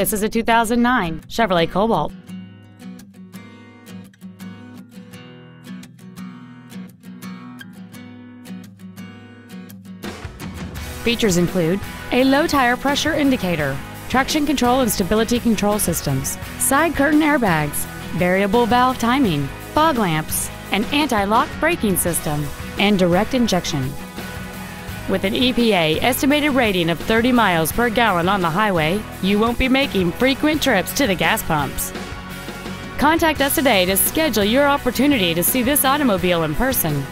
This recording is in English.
This is a 2009 Chevrolet Cobalt. Features include a low tire pressure indicator, traction control and stability control systems, side curtain airbags, variable valve timing, fog lamps, an anti-lock braking system, and direct injection. With an EPA estimated rating of 30 miles per gallon on the highway, you won't be making frequent trips to the gas pumps. Contact us today to schedule your opportunity to see this automobile in person.